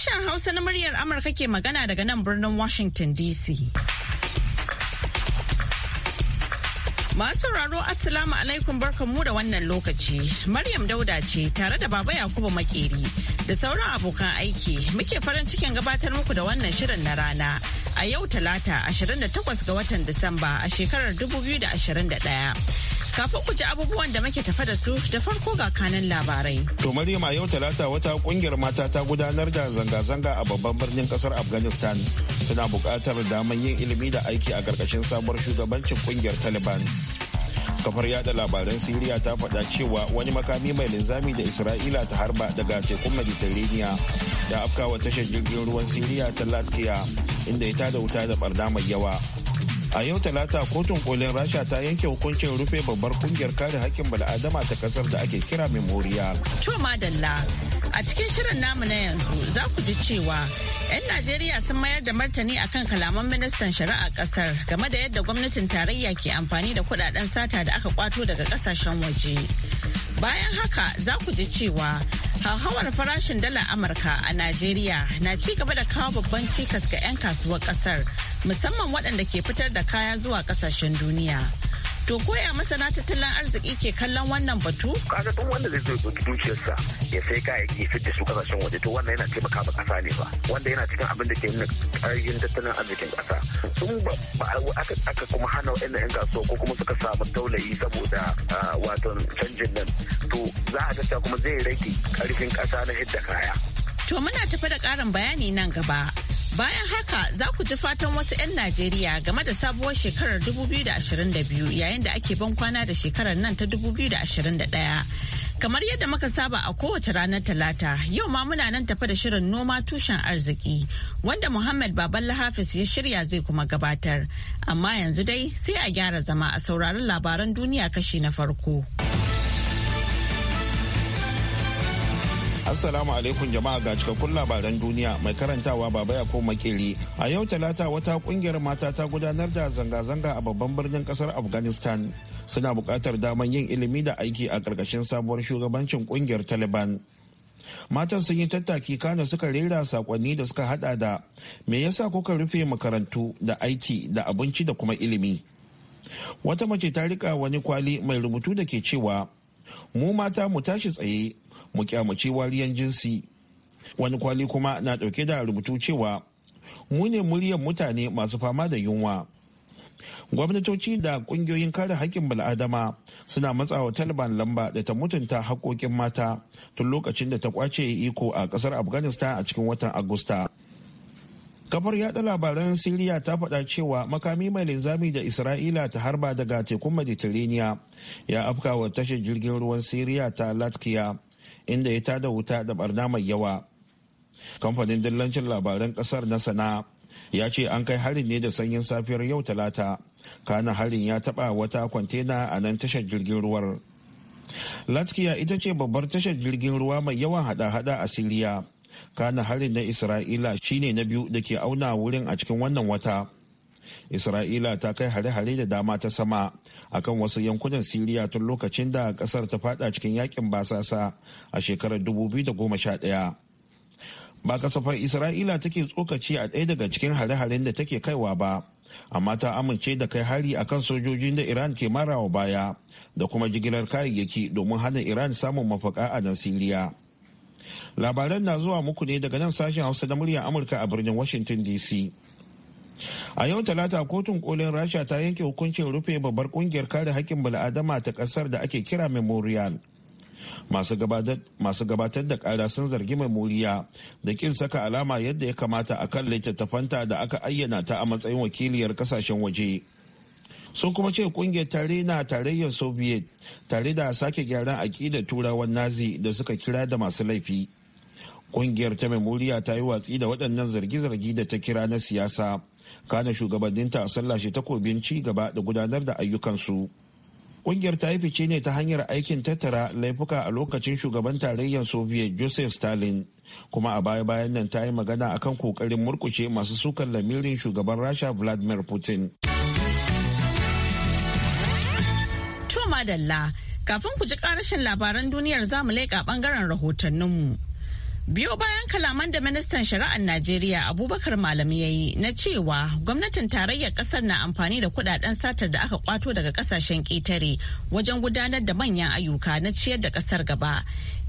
Sashen Hausa na muryar Amurka ke magana daga nan birnin Washington DC. Masu sauraro Assalamu alaikum barkanmu da wannan lokaci. Maryam Dauda ce tare da Baba Yakubu Makeri da sauran abokan aiki muke farin cikin gabatar muku da wannan shirin na rana. A yau Talata 28 ga watan Disamba a shekarar 2021. Kafin ku ji abubuwan da muke tafa da su da farko ga kanan labarai. To Maryama yau talata wata kungiyar mata ta gudanar da zanga-zanga a babban birnin kasar Afghanistan. Suna buƙatar daman yin ilimi da aiki a ƙarƙashin sabuwar shugabancin kungiyar Taliban. Kafar yada labaran Siriya ta faɗa cewa wani makami mai linzami da Isra'ila ta harba daga tekun Mediterania da afkawa tashar jirgin ruwan Siriya ta Latkiya inda ya tada wuta da barna mai yawa. a yau talata kotun kolin rasha ta yanke hukuncin rufe babbar kungiyar kare hakkin bal'adama ta kasar da ake kira co to madalla a cikin shirin namu na yanzu za ku ji cewa 'yan najeriya sun mayar da martani akan kalaman ministan shari'a kasar game da yadda gwamnatin tarayya ke amfani da kudaden sata da aka kwato daga kasashen waje bayan haka za ku ji cewa hauhawar farashin dalar amurka a najeriya na ci gaba da kawo babban cikas ga 'yan kasuwar kasar musamman waɗanda ke fitar da kaya zuwa kasashen duniya. To koya masana tattalin arziki ke kallon wannan batu? Kaga tun wanda zai zo ɗauki dukiyarsa ya sai kayayyaki fit da su kasashen waje to wannan yana taimaka ma ƙasa ne ba. Wanda yana cikin abin da ke nuna ƙarfin tattalin arzikin ƙasa. Sun ba aka aka kuma hana wa'in 'yan kasuwa ko kuma suka samu taulayi saboda wato canjin nan. To za a tattara kuma zai rage ƙarfin ƙasa na hidda kaya. To muna tafi da ƙarin bayani nan gaba. Bayan haka za ku ji fatan wasu 'yan Najeriya game da sabuwar shekarar 2022 yayin da ake ban kwana da shekarar nan ta 2021. Kamar yadda muka saba a kowace ranar Talata, yau ma muna nan tafa da shirin noma tushen arziki wanda Muhammad Baban Lahafis ya shirya zai kuma gabatar. Amma yanzu dai sai a gyara zama a sauraron labaran duniya kashi na farko. Assalamu alaikum jama'a ga cikakkun labaran duniya mai karantawa baba ya ko makeli. A yau talata wata kungiyar mata ta gudanar da zanga-zanga a babban birnin kasar Afghanistan. Suna buƙatar daman yin ilimi da aiki a ƙarƙashin sabuwar shugabancin kungiyar Taliban. Matan sun yi tattaki kana suka rera sakonni da suka hada da me yasa kuka rufe makarantu da aiki da abinci da kuma ilimi. Wata mace ta rika wani kwali mai rubutu da ke cewa mu mata mu tashi tsaye mu kyamaci wariyan jinsi wani kwali kuma na ɗauke da rubutu cewa mu ne muryar mutane masu fama da yunwa gwamnatoci da kungiyoyin kare haƙƙin bal'adama suna matsawa taliban lamba da ta mutunta haƙoƙin mata tun lokacin da ta kwace iko a ƙasar afghanistan a cikin watan agusta kafar yaɗa labaran siriya ta faɗa cewa makami mai linzami da isra'ila ta harba daga tekun mediterania ya afka wa tashar jirgin ruwan siriya ta latkiya inda ya tada wuta da barna mai yawa kamfanin dillancin labaran ƙasar na sana ya ce an kai harin ne da sanyin safiyar yau talata kana harin ya taɓa wata kwantena a nan tashar jirgin ruwar latkiya ita ce babbar tashar jirgin ruwa mai yawan hada-hada a siriya kana harin na isra'ila shine na biyu da ke auna wurin a cikin wannan wata isra'ila ta kai hare-hare da dama ta sama akan wasu yankunan siriya tun lokacin da kasar ta fada cikin yakin basasa a shekarar 2011 ba kasafar isra'ila take tsokaci a ɗaya daga cikin hare-haren da take kaiwa ba amma ta amince da kai hari akan sojojin da iran ke marawa baya da kuma jigilar kayayyaki domin hana iran samun mafaka a nan siriya labaran na zuwa muku ne daga nan sashen hausa na murya amurka a birnin washington dc a yau talata kotun kolin rasha ta yanke hukuncin rufe babbar kungiyar kare hakkin bala'adama ta kasar da ake kira memorial masu gabatar da kara sun zargi memoriya da kin saka alama yadda ya kamata a kan littattafanta da aka ayyana ta a matsayin wakiliyar kasashen waje sun kuma ce kungiyar tare na tarayyar soviet tare da sake gyaran aƙidar turawan nazi da suka kira da masu laifi kungiyar ta memoriya ta yi watsi da waɗannan zargi-zargi da ta kira na siyasa kana shugabanninta shi ta takobin ci gaba da gudanar da ayyukansu kungiyar ta yi fice ne ta hanyar aikin tattara laifuka a lokacin shugaban tarayyar soviet joseph stalin kuma a baya-bayan nan ta yi magana akan kokarin murkushe masu sukan lamirin shugaban rasha vladimir putin madalla kafin ku ji karashin labaran duniyar zamu leƙa bangaren rahotanninmu. Biyo bayan kalaman da ministan shari'ar Najeriya Abubakar Malam ya yi na cewa gwamnatin tarayyar kasar na amfani da kudaden satar da aka kwato daga kasashen ƙetare wajen gudanar da manyan ayyuka na ciyar da kasar gaba.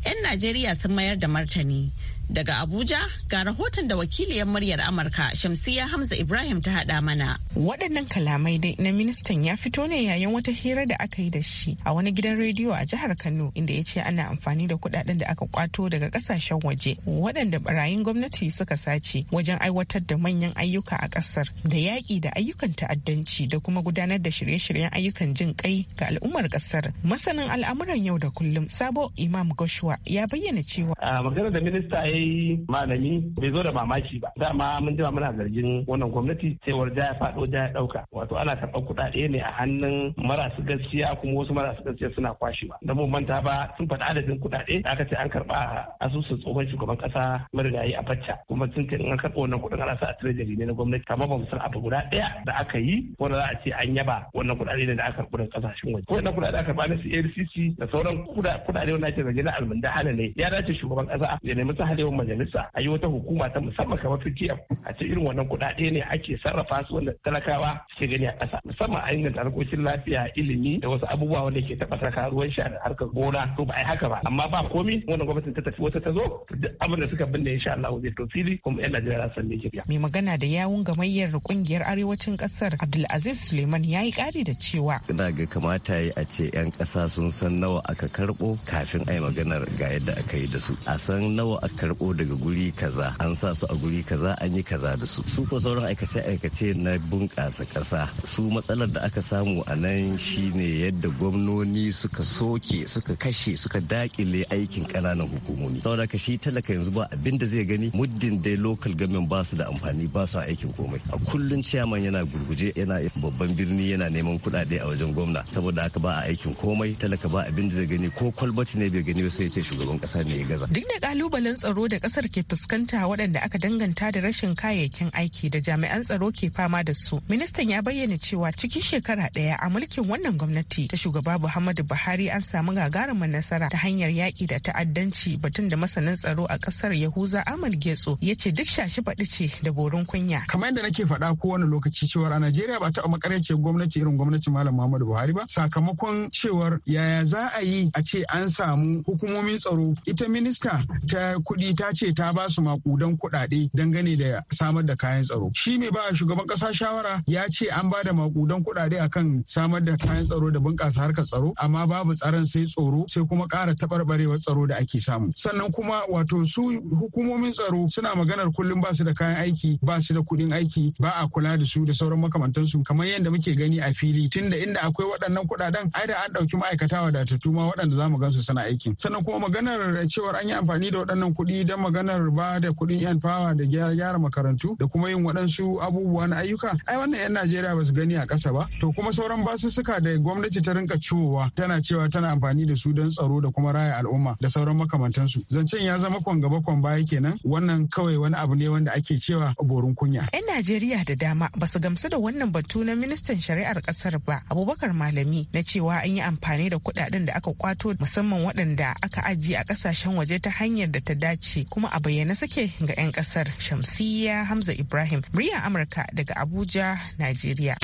'Yan Najeriya sun mayar da martani. Daga Abuja ga rahoton da wakiliyar muryar Amurka Shamsiyya Hamza Ibrahim ta hada mana. Waɗannan kalamai dai na ministan ya fito ne yayin wata hira da aka yi da shi a wani gidan rediyo a jihar Kano inda ya ce ana amfani da kuɗaɗen da aka kwato daga ƙasashen waje waɗanda barayin gwamnati suka sace wajen aiwatar da manyan ayyuka a ƙasar da yaƙi da ayyukan ta'addanci da kuma gudanar da shirye-shiryen ayyukan jin kai ga al'ummar ƙasar. Masanin al'amuran yau da kullum Sabo Imam Goshua ya bayyana cewa. Maganar da minista ya kai malami bai zo da mamaki ba dama mun jima muna zargin wannan gwamnati cewar ja ya faɗo ya ɗauka wato ana karɓar kuɗaɗe ne a hannun marasu gaskiya kuma wasu marasu gaskiya suna kwashe ba da manta ba sun faɗi adadin kuɗaɗe da aka ce an karɓa a asusun tsohon shugaban ƙasa marigayi a facca kuma sun ce in an karɓa wannan kuɗin ana sa a tirejari ne na gwamnati kamar ba mu san abu guda ɗaya da aka yi wanda za a ce an yaba wannan kuɗaɗe ne da aka karɓa daga ƙasashen waje ko wannan kuɗaɗe aka karɓa na CRCC da sauran kuɗaɗe wanda ake zargi na almunda ne ya dace shugaban ƙasa ya nemi sa halewa yau majalisa a yi wata hukuma ta musamman kamar fitiyam a ce irin wannan kuɗaɗe ne ake sarrafa su wanda talakawa suke gani a kasa musamman a inganta harkokin lafiya ilimi da wasu abubuwa wanda ke taɓa talakawa ruwan sha da harkar gona to ba a yi haka ba amma ba komi wannan gwamnatin ta tafi wata ta zo duk abin da suka binne insha Allah zai to fili kuma yan Najeriya san me ke biya. Mai magana da yawun gamayyar kungiyar arewacin ƙasar Abdulaziz Suleiman ya yi ƙari da cewa. Ina ga kamata yi a ce 'yan ƙasa sun san nawa aka karɓo kafin a yi maganar ga yadda aka yi da su. A san nawa aka ko daga guri kaza an sa su a guri kaza an yi kaza da su su ko sauran aikace-aikace na bunƙasa ƙasa su matsalar da aka samu a nan shine yadda gwamnoni suka soke suka kashe suka dakile aikin ƙananan hukumomi saboda ka shi talaka yanzu ba abin da zai gani muddin dai local government ba su da amfani ba su aikin komai a kullun ciyaman yana gurguje yana babban birni yana neman kuɗaɗe a wajen gwamna saboda haka ba a aikin komai talaka ba abin da zai gani ko kwalbati ne bai gani ba sai ya ce shugaban ƙasa ne ya gaza duk da kalubalen tsaro tsaro da kasar ke fuskanta waɗanda aka danganta da rashin kayayyakin aiki da jami'an tsaro ke fama da su. Ministan ya bayyana cewa cikin shekara ɗaya a mulkin wannan gwamnati ta shugaba Muhammadu Buhari an samu gagarumin nasara ta hanyar yaƙi da ta'addanci batun da masanin tsaro a kasar Yahuza Ahmad Getso ya ce duk shashi baɗi ce da borin kunya. Kamar yadda nake faɗa kowane lokaci cewa a Najeriya ba taɓa makarancin gwamnati irin gwamnati Malam Muhammadu Buhari ba sakamakon cewar yaya za a yi a ce an samu hukumomin tsaro ita minista ta kuɗi ita ta ce ta ba su makudan kuɗaɗe dangane da samar da kayan tsaro. Shi mai ba shugaban ƙasa shawara ya ce an ba da makudan kuɗaɗe akan samar da kayan tsaro da bunƙasa harkar tsaro amma babu tsaron sai tsoro sai kuma ƙara taɓarɓarewar tsaro da ake samu. Sannan kuma wato su hukumomin tsaro suna maganar kullum ba su da kayan aiki ba su da kuɗin aiki ba a kula da su da sauran makamantansu kamar yadda muke gani a fili tunda inda akwai waɗannan kuɗaɗen ai da an ɗauki ma'aikata wadatattu ma waɗanda za mu gansu suna aikin. Sannan kuma maganar cewar an yi amfani da waɗannan kuɗi don maganar ba da kuɗin yan fawa da gyara makarantu da kuma yin waɗansu abubuwa na ayyuka ai wannan yan najeriya ba su gani a ƙasa ba to kuma sauran basussuka da gwamnati ta rinka ciwowa tana cewa tana amfani da su don tsaro da kuma raya al'umma da sauran makamantansu zancen ya zama kwan gaba kwan baya kenan wannan kawai wani abu ne wanda ake cewa borin kunya yan najeriya da dama ba su gamsu da wannan batu na ministan shari'ar ƙasar ba abubakar malami na cewa an yi amfani da kuɗaɗen da aka kwato musamman waɗanda aka ajiye a ƙasashen waje ta hanyar da ta dace ce kuma a bayyana sake ga 'yan kasar shamsiyya hamza ibrahim murya amurka daga abuja najeriya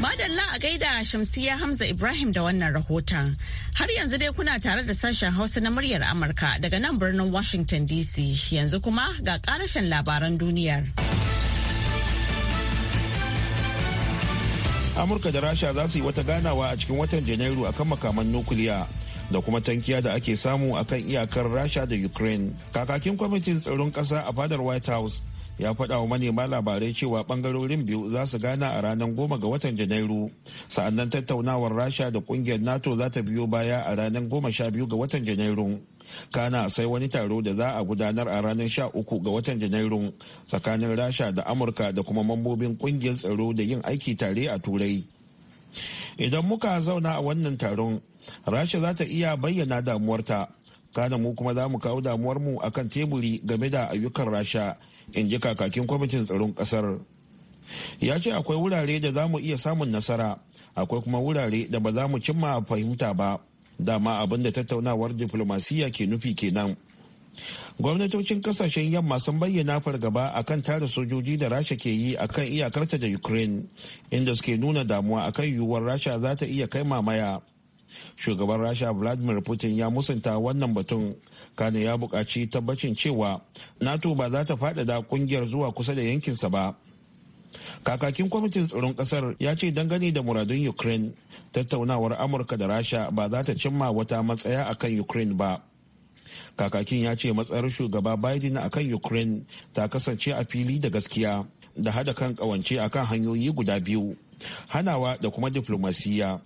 Madalla a gaida Shamsiya Hamza Ibrahim da wannan rahoton. Har yanzu dai kuna tare da sashen Hausa na muryar Amurka daga nan birnin Washington DC. Yanzu kuma ga karashen labaran duniyar. Amurka da Rasha za su yi wata ganawa a cikin watan Janairu akan makaman nukuliya. da kuma tankiya da ake samu a kan iyakar rasha da ukraine kakakin kwamitin tsaron ƙasa a fadar white house ya faɗa wa manema labarai cewa ɓangarorin biyu za su gana a ranar goma ga watan janairu sa'annan tattaunawar rasha da ƙungiyar nato za ta biyo baya a ranar goma sha biyu ga watan janairu kana sai wani taro da za a gudanar a ranar sha uku ga watan janairu tsakanin rasha da amurka da kuma mambobin ƙungiyar tsaro da yin aiki tare a turai idan muka zauna a wannan taron rasha za ta iya bayyana damuwarta kana mu kuma za mu kawo damuwarmu a kan teburi game da ayyukan rasha in ji kakakin kwamitin tsaron kasar ya ce akwai wurare da za mu iya samun nasara akwai kuma wurare da ba za mu cimma fahimta ba dama abin da tattaunawar diflomasiyya ke nufi kenan gwamnatocin kasashen yamma sun bayyana fargaba akan tara sojoji da rasha ke yi akan iyakarta da ukraine inda suke nuna damuwa akan yiwuwar rasha za ta iya kai mamaya shugaban rasha vladimir putin ya musanta wannan batun kane ya buƙaci tabbacin cewa nato ba za ta faɗaɗa ƙungiyar zuwa kusa da yankinsa ba kakakin kwamitin tsaron ƙasar ya ce dangane da muradun ukraine tattaunawar amurka da rasha ba za ta cimma wata matsaya akan ukraine ba kakakin ya ce matsayar shugaba biden akan ukraine ta kasance a fili da gaskiya da hada kan kawance akan hanyoyi guda biyu hanawa da kuma diflomasiyya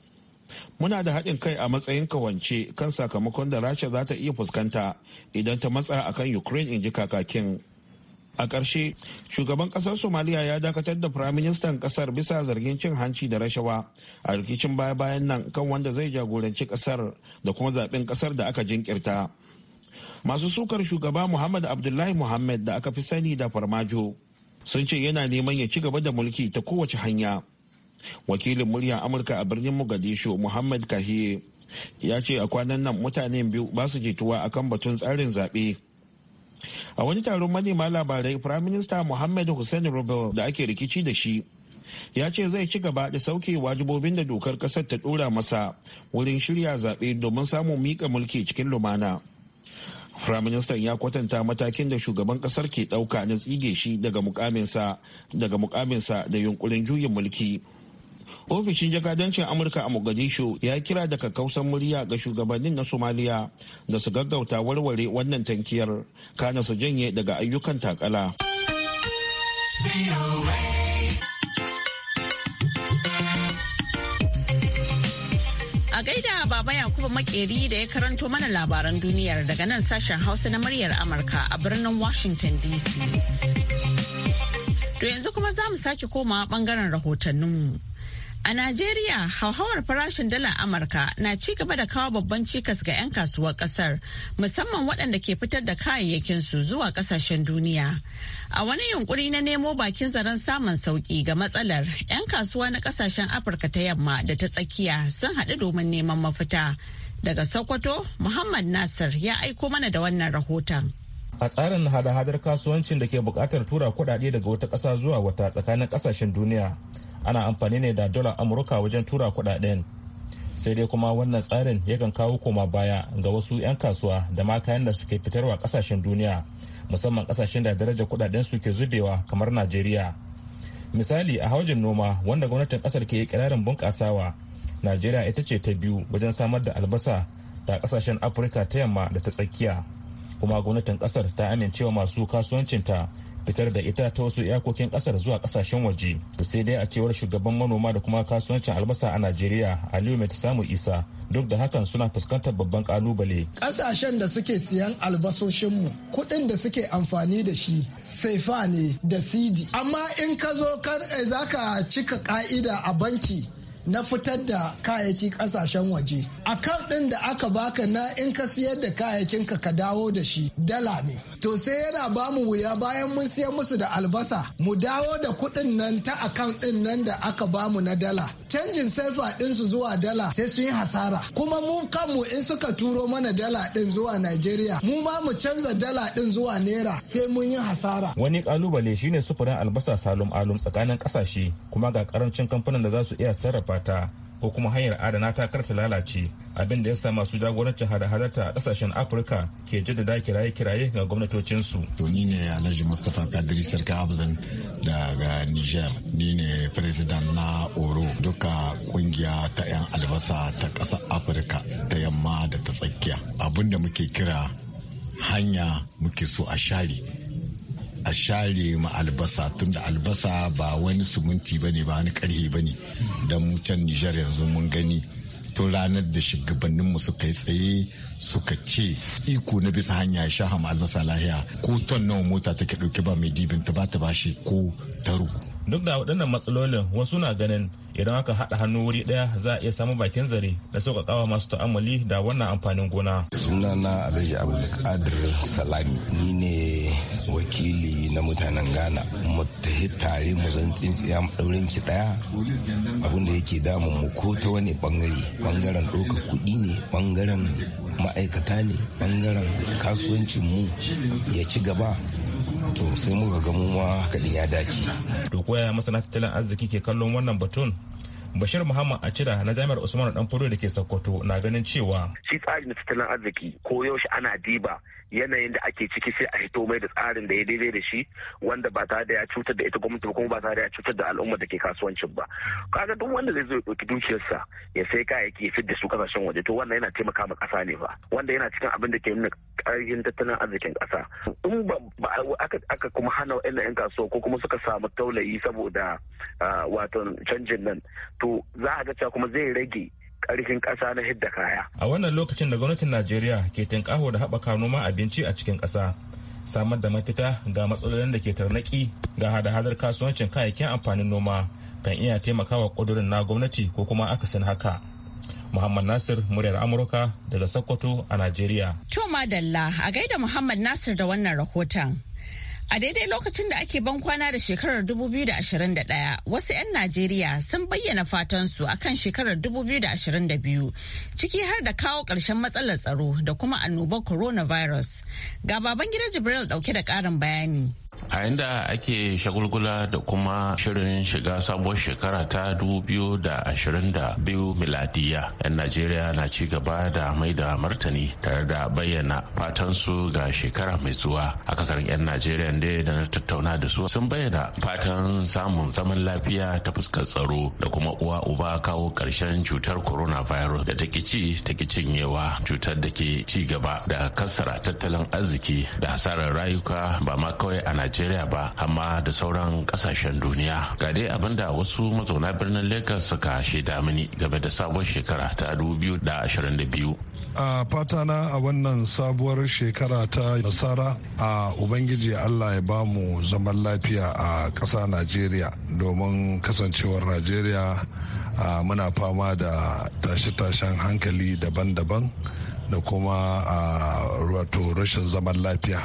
muna da haɗin kai a matsayin kawance kan sakamakon da rasha za ta iya fuskanta idan ta matsa a kan ukraine in ji kakakin a ƙarshe shugaban ƙasar somaliya ya dakatar da firaministan ƙasar bisa zargin cin hanci da rashawa a rikicin baya-bayan nan kan wanda zai jagoranci ƙasar da kuma zaɓen ƙasar da aka jinkirta masu sukar shugaba muhammad abdullahi muhammad da aka fi sani da farmajo sun ce yana neman ya ci gaba da mulki ta kowace hanya wakilin muryar amurka a birnin mogadishu muhammad kahiye ya ce a kwanan nan mutane biyu ba su jituwa kan batun tsarin zaɓe a wani taron manema labarai prime minister muhammad hussein rubel da ake rikici da shi ya ce zai ci gaba da sauke wajibobin da dokar kasar ta dora masa wurin shirya zaɓe domin samun miƙa mulki cikin lumana prime minister ya kwatanta matakin da shugaban kasar ke ɗauka na tsige shi daga mukaminsa da yunkurin juyin mulki ofishin jakadancin amurka a mogadishu ya kira da kakkausan murya ga shugabannin na somaliya da su gaggauta warware wannan tankiyar kana su janye daga ayyukan takala a gaida baba yakubu makeri da ya karanto mana labaran duniyar daga nan sashen hausa na muryar amurka a birnin washington dc to yanzu kuma za mu sake koma bangaren rahotanninmu A Najeriya, hauhawar farashin dalar Amurka na ci gaba da kawo babban cikas ga 'yan kasuwar kasar, musamman waɗanda ke fitar da kayayyakinsu zuwa ƙasashen duniya. A wani yunkuri na nemo bakin zaren samun sauƙi ga matsalar, 'yan kasuwa na ƙasashen Afirka ta yamma da ta tsakiya sun haɗu domin neman mafita. Daga Sokoto, Muhammad Nasir ya aiko mana da wannan rahoton. a tsarin hada-hadar kasuwancin da ke buƙatar tura kuɗaɗe daga wata ƙasa zuwa wata tsakanin ƙasashen duniya ana amfani ne da dolar amurka wajen tura kudaden sai dai kuma wannan tsarin yakan kawo koma baya ga wasu 'yan kasuwa da ma kayan da suke fitarwa kasashen duniya musamman kasashen da darajar kudaden su ke zubewa kamar najeriya misali a haujin noma wanda gwamnatin kasar ke kirarin bunkasawa najeriya ita ce ta biyu wajen samar da albasa da kasashen afirka ta yamma da ta tsakiya kuma gwamnatin kasar ta amincewa masu kasuwancinta fitar da ita ta wasu iyakokin kasar zuwa kasashen waje sai dai a cewar shugaban manoma da kuma kasuwancin albasa a najeriya aliyu mai samu isa duk da hakan suna fuskantar babban kalubale kasashen da suke siyan albasoshinmu kudin da suke amfani da shi saifa ne da CD. amma in ka zo eh, za ka cika ka'ida a banki na fitar da kayayyaki kasashen waje akan ɗin da aka baka na in ka siyar da kayayyakin ka ka dawo da shi dala ne to sai yana ba mu wuya bayan mun siya musu da albasa mu dawo da kuɗin nan ta akan ɗin nan da aka ba mu na dala canjin saifa ɗinsu zuwa dala sai su yi hasara kuma mu kanmu in suka turo mana dala ɗin zuwa Najeriya mu ma mu canza dala ɗin zuwa naira sai mun yi hasara wani kalubale shine sufurin albasa salum alum tsakanin ƙasashe kuma ga ƙarancin kamfanin da za su iya sarrafa ta ko kuma hanyar adana ta kar ta lalace abin da ya sa masu jagorancin hada hadata a kasashen afirka ke jaddada kiraye-kiraye ga gwamnatocinsu. to ni ne alhaji mustapha kadiri sarki abzan daga niger ni ne president na oro duka kungiya ta 'yan albasa ta ƙasar afirka ta yamma da ta tsakiya abin da muke kira hanya muke so a shari. a share ma albasa tunda albasa ba wani suminti ba ne ba wani karhe ba ne don mutan nijar yanzu mun gani tun ranar da shugabanninmu suka yi tsaye suka ce iko na bisa hanya ya sha albasa lahiya ko ton nawa mota take ɗauke ba mai dibin ta ba ta bashi ko taro duk da waɗannan matsalolin wasu na ganin idan aka haɗa hannu wuri ɗaya za a iya samun bakin zare da sauƙaƙawa masu ta'amali da wannan amfanin gona. sunana alhaji abdulkadir salami ni ne wakili na mutanen ghana mu tahi tare mu zan tsintsiya ɗaurin ki ɗaya abin da yake damun mu ko ta wani bangare bangaren ɗauka kuɗi ne bangaren ma'aikata ne ɓangaren kasuwancin mu ya ci gaba to sai muka ga mu ma din ya dace. to koya masana tattalin arziki ke kallon wannan batun bashir muhammad acira na jami'ar usman dan da ke sokoto na ganin cewa shi tsarin tattalin arziki ko yaushe ana diba yanayin da ake ciki sai a hito mai da tsarin da ya daidai da shi wanda ba tare da ya cutar da ita gwamnati ba kuma ba tare da ya cutar da al'umma da ke kasuwancin ba kaga duk wanda zai zo ya ɗauki dukiyarsa ya sai kayayyaki ya da su kasashen waje to wannan yana taimaka ma ƙasa ne ba wanda yana cikin abin da ke nuna karfin tattalin arzikin kasa in ba aka kuma hana wa'annan 'yan kasuwa ko kuma suka samu taulayi saboda ah, wato canjin nan to za a ga cewa kuma zai rage karfin ƙasa na hidda kaya. A wannan lokacin da gwamnatin Najeriya ke tinkaho da haɓaka noman abinci a cikin ƙasa, samar da mafita ga matsalolin da ke tarnaki ga hada-hadar kasuwancin kayayyakin amfanin noma kan iya taimakawa ƙudurin na gwamnati ko kuma akasin haka. Muhammad Nasir muryar Amurka daga Sokoto a Najeriya. To madalla a gaida Muhammad Nasir da wannan rahoton. A daidai lokacin da ake ban kwana da shekarar 2021 wasu 'yan Najeriya sun bayyana fatansu a kan shekarar 2022 ciki har da kawo ƙarshen matsalar tsaro da kuma annobar coronavirus. Ga baban gida Jibril ɗauke da ƙarin bayani. a inda ake shagulgula da kuma shirin shiga sabuwar shekara ta 2022 miladiya 'yan najeriya na ci gaba da mai da martani tare da bayyana fatansu ga shekara mai zuwa a kasar 'yan najeriya da da na tattauna da su sun bayyana fatan samun zaman lafiya ta fuskar tsaro da kuma uwa uba kawo karshen cutar coronavirus da take ci take cinyewa cutar da ke ci gaba da kasara tattalin arziki da hasarar rayuka ba ma kawai a najeriya ba amma da sauran kasashen duniya ga dai abinda wasu mazauna birnin lagos suka shaida mini game da sabuwar shekara ta 2022 a fata na a wannan sabuwar shekara ta nasara a ubangiji allah ya bamu zaman lafiya a ƙasa najeriya domin kasancewar najeriya muna fama da tashe-tashen hankali daban-daban da kuma wato rashin zaman lafiya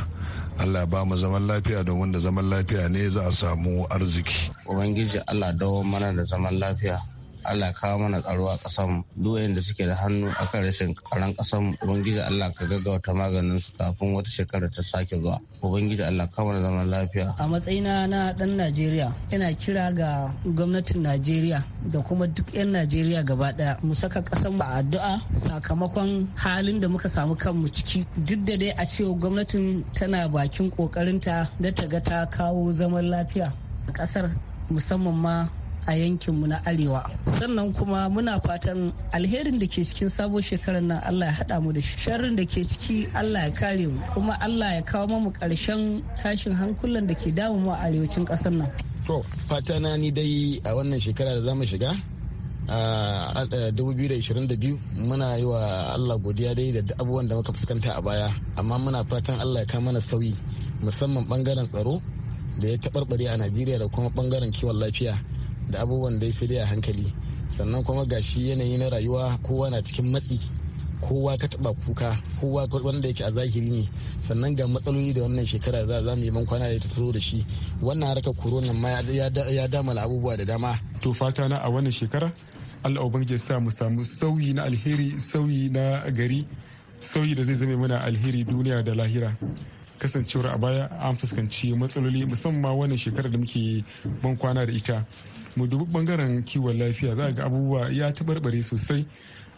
Allah ba mu zaman lafiya domin da zaman lafiya ne za a samu arziki. Ubangiji Allah dawo mana da zaman lafiya Allah kawo mana tsaro a ƙasar mu duk da suke da hannu akan rashin karan kasar mu ubangiji Allah ka gaggauta maganin su kafin wata shekara ta sake zuwa ubangiji Allah kawo mana zaman lafiya a matsayina na dan Najeriya yana kira ga gwamnatin Najeriya da kuma duk 'yan Najeriya gaba ɗaya. mu saka ƙasar mu a addu'a sakamakon halin da muka samu kanmu ciki duk da dai a cewa gwamnatin tana bakin ƙoƙarinta da ta ga ta kawo zaman lafiya a ƙasar musamman ma a yankinmu na arewa sannan kuma muna fatan alherin da ke cikin sabon shekarar nan allah ya haɗa mu da shi sharrin da ke ciki allah ya kare mu kuma allah ya kawo mu ƙarshen tashin hankulan da ke damu a arewacin kasar nan to fata na ni dai a wannan shekara da zamu shiga a 2022 muna yi wa allah godiya dai da abubuwan da muka fuskanta a baya amma muna fatan allah ya kawo mana sauyi musamman bangaren tsaro da ya taɓarɓare a najeriya da kuma bangaren kiwon lafiya da abubuwan dai sai dai a hankali sannan kuma gashi yanayi na rayuwa kowa na cikin matsi kowa ka taba kuka kowa wanda yake a zahiri ne sannan ga matsaloli da wannan shekara za za mu yi kwana da ta zo da shi wannan harkar corona ma ya damala abubuwa da dama to fata na a wannan shekara Allah ubangiji sa mu samu sauyi na alheri sauyi na gari sauyi da zai zame mana alheri duniya da lahira kasancewar a baya an fuskanci matsaloli musamman wannan shekarar da muke bankwana da ita mu dubi bangaren kiwon lafiya za a ga abubuwa ya taɓarɓare sosai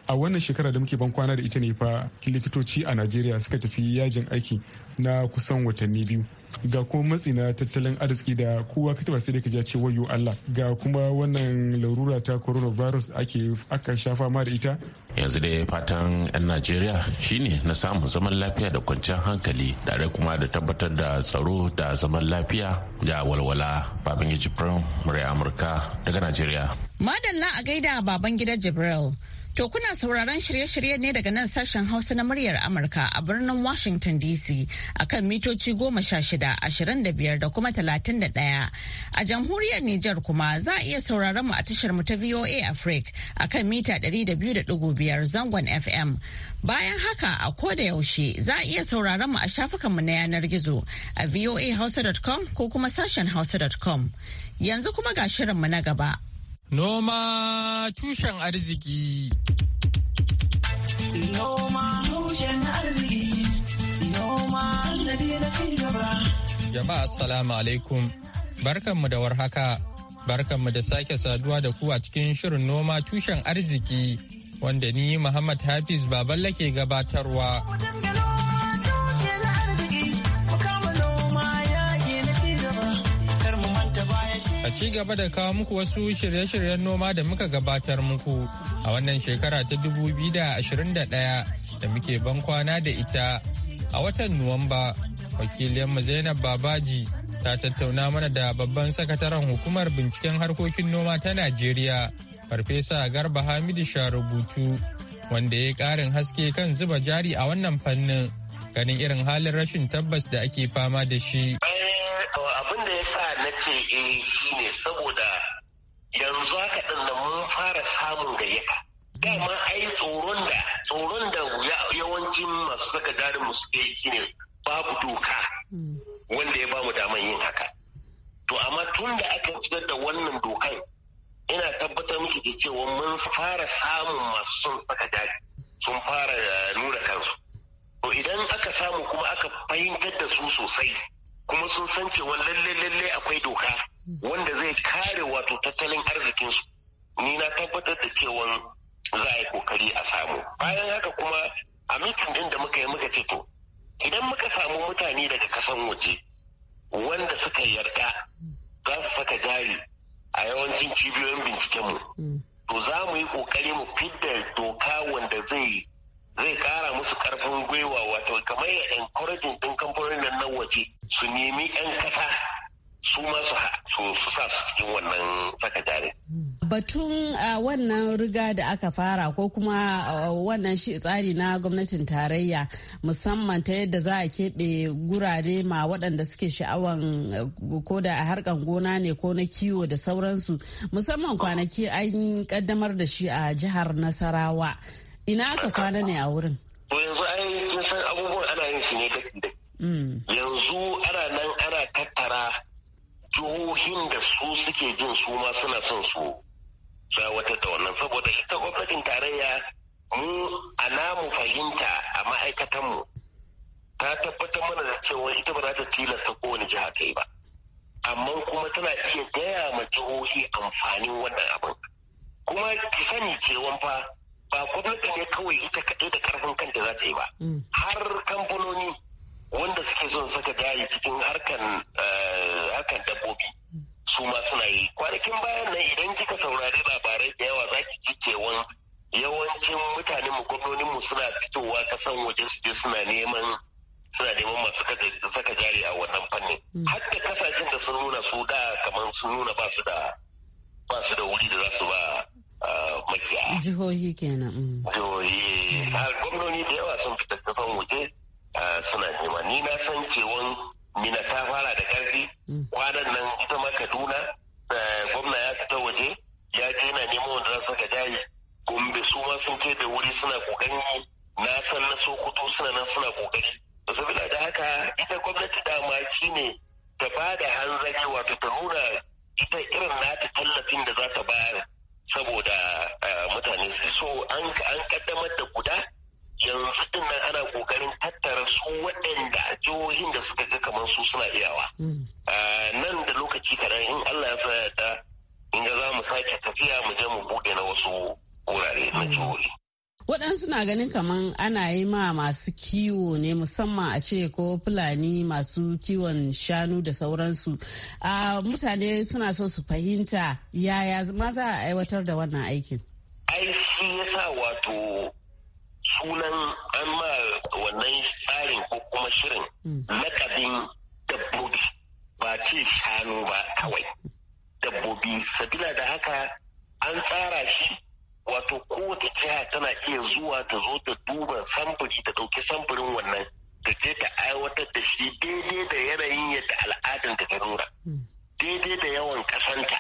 a wannan shekara da muke ban kwana da ita ne fa likitoci a najeriya suka tafi yajin aiki na kusan watanni biyu ga kuma matsi na tattalin arziki da kowa ka sai da ka ce wayo Allah ga kuma wannan larura ta coronavirus ake aka sha fama da ita yanzu dai fatan 'yan najeriya shine na samun zaman lafiya da kwanciyar hankali tare kuma da tabbatar da tsaro da zaman lafiya da walwala babangida jibril murai amurka daga najeriya madalla a gaida babangida jibril To kuna sauraron shirye-shirye ne daga nan sashen Hausa na muryar Amurka a birnin Washington DC a kan mitoci goma sha shida, ashirin da biyar da kuma talatin da ɗaya. A jamhuriyar Nijar kuma za a iya sauraron mu a tashar mu ta VOA Africa a kan mita ɗari da biyu da ɗigo biyar zangon FM. Bayan haka a ko da yaushe za a iya sauraron mu a shafukan mu na yanar gizo a voahausa.com ko kuma sashen hausa.com. Yanzu kuma ga shirin mu na gaba. Noma tushen arziki. Noma tushen arziki. Noma sannadi na gaba. Jama'a assalamu alaikum. Barkanmu da warhaka. Barkanmu da sake saduwa da ku a cikin shirin noma tushen arziki wanda ni Muhammad Hafiz Baballa ke gabatarwa. a ci gaba da kawo muku wasu shirye-shiryen noma da muka gabatar muku a wannan shekara ta 2021 da muke ban kwana da ita a watan nuwamba wakiliyanmu zainab babaji ta tattauna mana da babban sakataren hukumar binciken harkokin noma ta najeriya farfesa garba hamidu sharubutu wanda ya karin haske kan zuba jari a wannan fannin ganin irin halin rashin tabbas da ake fama da shi eh, abin da ya sa na ce eh, saboda yanzu haka ɗin nan mun fara samun gayyata dama ai tsoron da tsoron da yawancin masu saka jarin musu suke shi ne babu doka wanda ya bamu daman yin haka to amma tun da aka fitar da wannan dokan ina tabbatar miki da cewa mun fara samun masu son saka jari sun fara eh, nuna kansu to idan aka samu kuma aka fahimtar da su sosai kuma sun san cewa lalle lalle akwai doka wanda zai kare wato tattalin arzikinsu ni na tabbatar da cewa za a yi kokari a samu bayan haka kuma a mitin din da muka yi muka ce to idan muka samu mutane daga kasan waje wanda suka yarda za su saka jari a yawancin cibiyoyin mu mm. to za mu yi kokari mu fidda doka wanda zai zai kara musu karfin gwiwa wato kamar ya encouraging din kamfanonin nan na waje su nemi 'yan kasa su masu su sa su cikin wannan saka jari. Batun ah, wannan riga da aka fara ko kuma ah, wannan shi tsari na gwamnatin tarayya musamman ta yadda za a keɓe gurare ma waɗanda suke sha'awan eh, ko da a harkan gona ne ko na kiwo da sauransu musamman kwanaki an ƙaddamar da shi a jihar Nasarawa. Ina aka kwana ne a wurin? To yanzu ai kun san abubuwan ana yin su ne da mm. Yanzu ana nan ana tattara jihohin da su suke jin su ma suna son su wata da wannan saboda ita gwamnatin tarayya mu a namu fahimta a ma'aikatanmu ta tabbatar mana da cewa ita ba za ta tilasta kowane jiha ta yi ba. Amma kuma tana iya gaya ma jihohi amfanin wannan abin. Kuma ki sani cewa fa ba gwamnati ne kawai ita kaɗai da karfin kanta za ta yi ba mm. har kamfanoni wanda suke son saka gari cikin harkan eh, harkan dabbobi su ma suna yi kwanakin bayan nan idan kika saurari labarai da yawa za ki ji cewan yawancin mutanen mu gwamnonin mu suna fitowa kasan waje su je suna neman suna neman masu saka jari a wannan fannin mm. har da kasashen da sun nuna su da kamar sun nuna ba su da ba su da wuri da za su ba makiya. Jihohi kenan. Mm. Jihohi gwamnoni da yawa sun fita kasan waje suna nema ni na san cewan mina ta fara da karfi mm. kwanan nan ita ma Kaduna gwamna ya fita waje ya je yana neman wanda za su saka jari gombe su ma sun kai da wuri suna kokari na san na sokoto suna nan suna kokari ganin kaman ana yi ma masu kiwo ne musamman a ce ko fulani masu kiwon shanu da sauransu uh, mutane suna so su fahimta yaya ma za a aiwatar da wannan aikin ai shi sa wato sunan an ma wannan tsarin ko kuma shirin hmm. lakabin dabbobi ba ce shanu ba kawai dabbobi sabila da haka an tsara shi wato kowace jiha tana iya zuwa ta zo ta duba samfuri ta ɗauki samfurin wannan ta je ta aiwatar da shi daidai da yanayin yadda al'adar da ta nuna daidai da yawan kasanta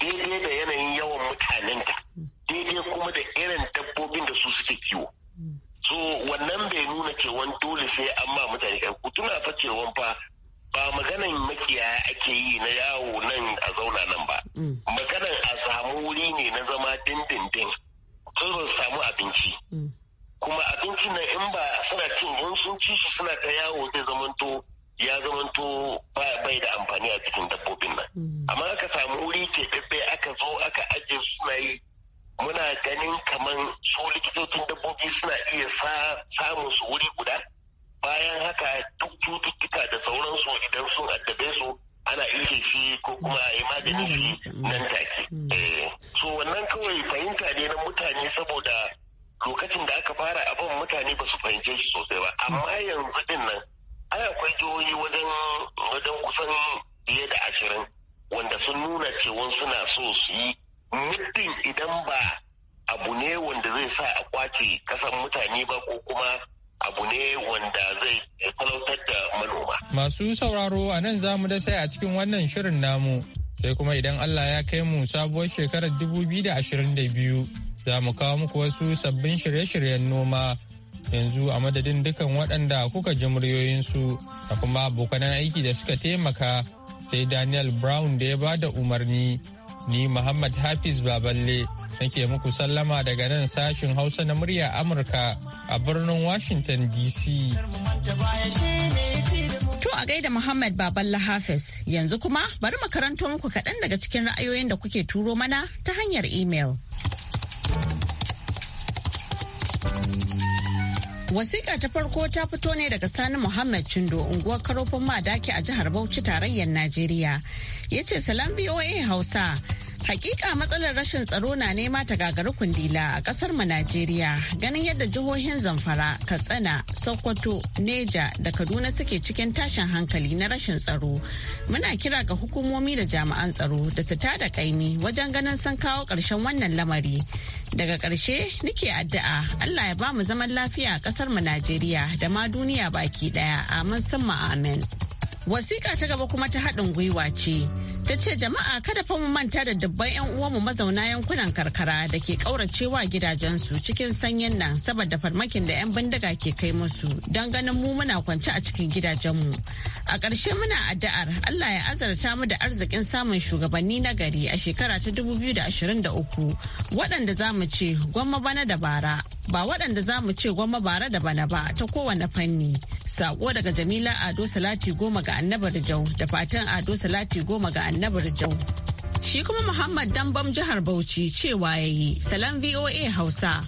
daidai da yanayin yawan mutanenta daidai kuma da irin dabbobin da su suke kiwo so wannan bai nuna cewan dole sai an ma mutane kai ku tuna fa cewan fa ba maganan makiyaya ake yi na yawo nan a zauna nan ba mm. maganan a samu wuri ne na zama dindindin sun samu abinci mm. kuma abinci na in ba suna cin in sun ci shi suna ta yawo zai zamanto ya zamanto bai da amfani a cikin dabbobin nan mm. amma aka samu wuri ke aka zo aka ajiye suna yi muna ganin kamar su likitocin dabbobi suna iya samun su wuri guda bayan haka duk cututtuka da sauransu idan sun addabe su ana ilke shi ko kuma a yi maganin shi nan mm. take. Mm. Eh, so wannan kawai fahimta ne na mutane saboda lokacin da aka fara abin mutane ba su fahimce shi sosai ba. Amma mm. yanzu din nan ai akwai jihohi wajen wajen kusan fiye da ashirin wanda sun nuna cewa suna so su yi muddin idan ba abu ne wanda zai sa a kwace kasan mutane ba ko kuma abu ne wanda zai talautar da manoma. Masu sauraro a nan za mu da sai a cikin wannan shirin namu. Sai kuma idan Allah ya kai mu sabuwar shekarar 2022 za mu kawo muku wasu sabbin shirye-shiryen noma. Yanzu a madadin dukan waɗanda kuka ji muryoyinsu da kuma abokanan aiki da suka taimaka sai Daniel Brown da ya ba da umarni. Ni Muhammad Hafiz Baballe nake muku sallama daga nan sashin Hausa na murya Amurka. a birnin Washington DC. To a gaida Muhammad Baballa Hafiz yanzu kuma bari mu karanto muku kaɗan daga cikin ra'ayoyin da kuke turo mana ta hanyar email. Wasiƙa ta farko ta fito ne daga Sani Muhammad Chindo unguwar karofin ma madaki a jihar Bauchi tarayyar Najeriya. Ya ce salam BOA Hausa. Hakika matsalar rashin tsaro na nema ta gagari kundila a kasar mu Najeriya ganin yadda jihohin Zamfara, Katsina, Sokoto, Neja da Kaduna suke cikin tashin hankali na rashin tsaro. Muna kira ga hukumomi da jami'an tsaro da su tada kaimi wajen ganin sun kawo ƙarshen wannan lamari. Daga ƙarshe nike addu'a Allah ya ba mu zaman lafiya a kasar mu Najeriya da ma duniya baki ɗaya. Amin summa amin. Wasiƙa ta gaba kuma ta haɗin gwiwa ce. Ta ce jama'a kada fa mu manta da dubban 'yan uwanmu mazauna yankunan karkara da ke ƙauracewa gidajensu cikin sanyin nan saboda farmakin da 'yan bindiga ke kai musu don ganin mu muna kwance a cikin gidajenmu. A ƙarshe muna addu'ar Allah ya azarta mu da arzikin samun shugabanni na gari a shekara ta dubu da da uku waɗanda za mu ce gwamma bana dabara. ba waɗanda za mu ce gwamma bara da bana ba ta kowane fanni. Sako daga Jamila Ado Salati goma ga annabar Jau da fatan Ado Salati goma ga annabar Jau. Shi kuma Muhammad Dambam jihar Bauchi cewa ya yi salam VOA Hausa.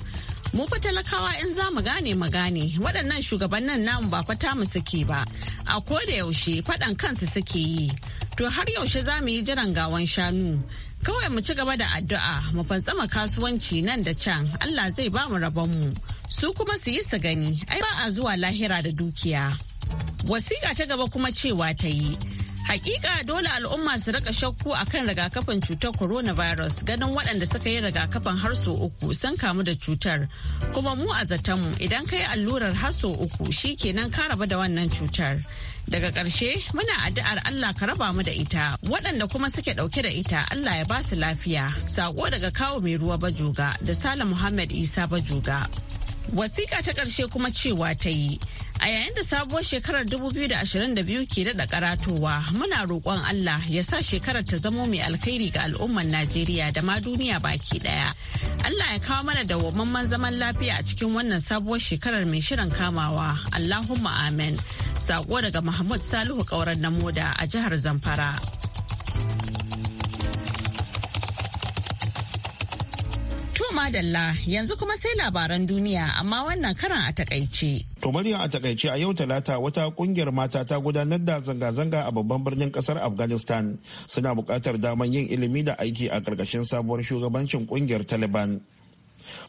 Mu fa talakawa in za mu gane mu gane waɗannan shugabannin namu ba fata mu suke ba. A ko da yaushe faɗan kansu suke yi. To har yaushe za mu yi jiran gawan shanu. Kawai mu ci gaba da addu'a mu fantsama kasuwanci nan da can Allah zai ba mu rabonmu su kuma su yi su gani ai ba a zuwa lahira da dukiya. Wasiƙa ta gaba kuma cewa ta yi Hakika dole al'umma su rika shakku a kan rigakafin cutar coronavirus ganin waɗanda suka yi rigakafin har sau uku sun kamu da cutar. Kuma mu a mu idan ka yi allurar har sau uku shi kenan ka raba da wannan cutar. Daga ƙarshe muna addu'ar Allah ka raba mu da ita waɗanda kuma suke ɗauke da ita Allah ya ba su lafiya. Sako daga kawo mai ruwa bajuga da Sala Muhammad Isa bajuga. Wasiƙa ta ƙarshe kuma cewa ta yi, a yayin da sabuwar shekarar 2022 ke daɗa karatowa muna roƙon Allah ya sa shekarar ta zamo mai alkhairi ga al'ummar Najeriya da ma duniya baki ɗaya. Allah ya kawo mana dawwammamen zaman lafiya a cikin wannan sabuwar shekarar mai shirin kamawa. Allahumma amen. Sako daga muhammad Salihu Ƙauren Namoda a jihar Zamfara. madalla yanzu kuma sai labaran duniya amma wannan karan a takaice. To Maryam a takaice a yau talata wata kungiyar mata ta gudanar da zanga-zanga a babban birnin kasar Afghanistan suna buƙatar daman yin ilimi da aiki a ƙarƙashin sabuwar shugabancin kungiyar Taliban.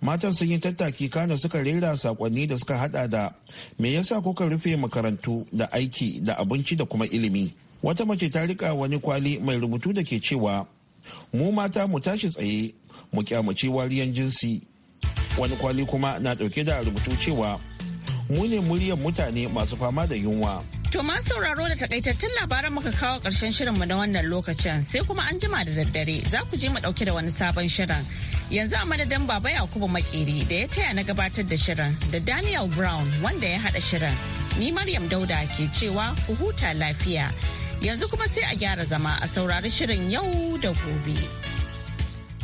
Matan sun yi tattaki kana suka rera sakonni da suka hada da me yasa kuka rufe makarantu da aiki da abinci da kuma ilimi. Wata mace ta rika wani kwali mai rubutu da ke cewa mu mata mu tashi tsaye mu kyamaci wariyan jinsi wani kwali kuma na ɗauke da rubutu cewa mu ne muryar mutane masu fama da yunwa To ma sauraro da takaitattun labaran muka kawo ƙarshen shirinmu na wannan lokacin sai kuma an jima da daddare za ku je mu ɗauke da wani sabon shirin. Yanzu a madadin Baba Yakubu Makeri da ya taya na gabatar da shirin da Daniel Brown wanda ya haɗa shirin. Ni Maryam Dauda ke cewa ku huta lafiya. Yanzu kuma sai a gyara zama a saurari shirin yau da gobe.